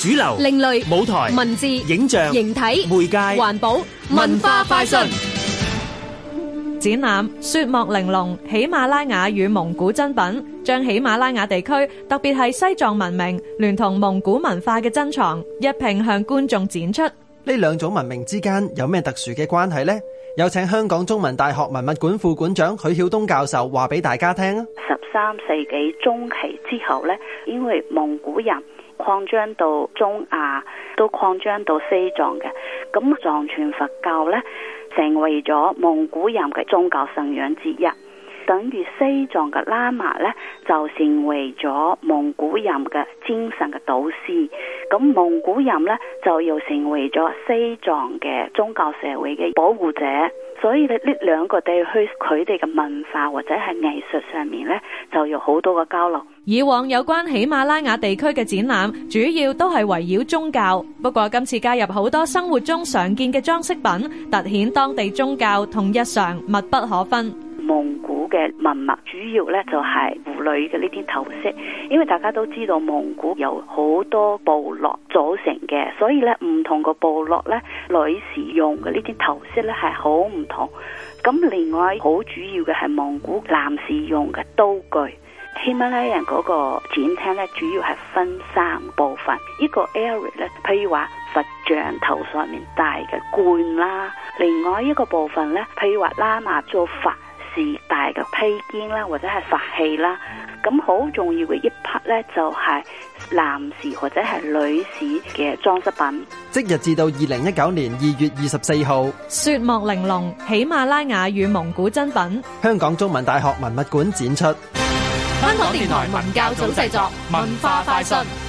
主流、另類舞台、文字、影像、形體、媒介、環保、文化快訊展覽《雪漠玲瓏》喜馬拉雅與蒙古珍品，將喜馬拉雅地區，特別係西藏文明，連同蒙古文化嘅珍藏一併向觀眾展出。呢兩種文明之間有咩特殊嘅關係咧？有請香港中文大學文物館副館長許曉東教授話俾大家聽啊！十三世紀中期之後咧，因為蒙古人。擴張到中亞，都擴張到西藏嘅，咁藏傳佛教咧成為咗蒙古人嘅宗教信仰之一，等於西藏嘅喇嘛咧就成為咗蒙古人嘅精神嘅導師，咁蒙古人咧就又成為咗西藏嘅宗教社會嘅保護者。所以咧，呢兩個地區佢哋嘅文化或者係藝術上面咧，就有好多嘅交流。以往有關喜馬拉雅地區嘅展覽，主要都係圍繞宗教。不過今次加入好多生活中常見嘅裝飾品，凸顯當地宗教同日常密不可分。蒙古嘅文物主要咧就係婦女嘅呢啲頭飾，因為大家都知道蒙古由好多部落組成嘅，所以咧。同個部落咧，女士用嘅呢啲頭飾咧係好唔同。咁另外好主要嘅係蒙古男士用嘅刀具。喜馬拉雅人嗰個展廳咧，主要係分三部分。一個 area 咧，譬如話佛像頭上面戴嘅冠啦，另外一個部分咧，譬如話喇嘛做法事戴嘅披肩啦，或者係法器啦。咁好重要嘅一 part 咧，就係男士或者係女士嘅裝飾品，即日至到二零一九年二月二十四號，雪漠玲瓏，喜馬拉雅與蒙古珍品，香港中文大學文物館展出。香港電台文教組製作，文化快訊。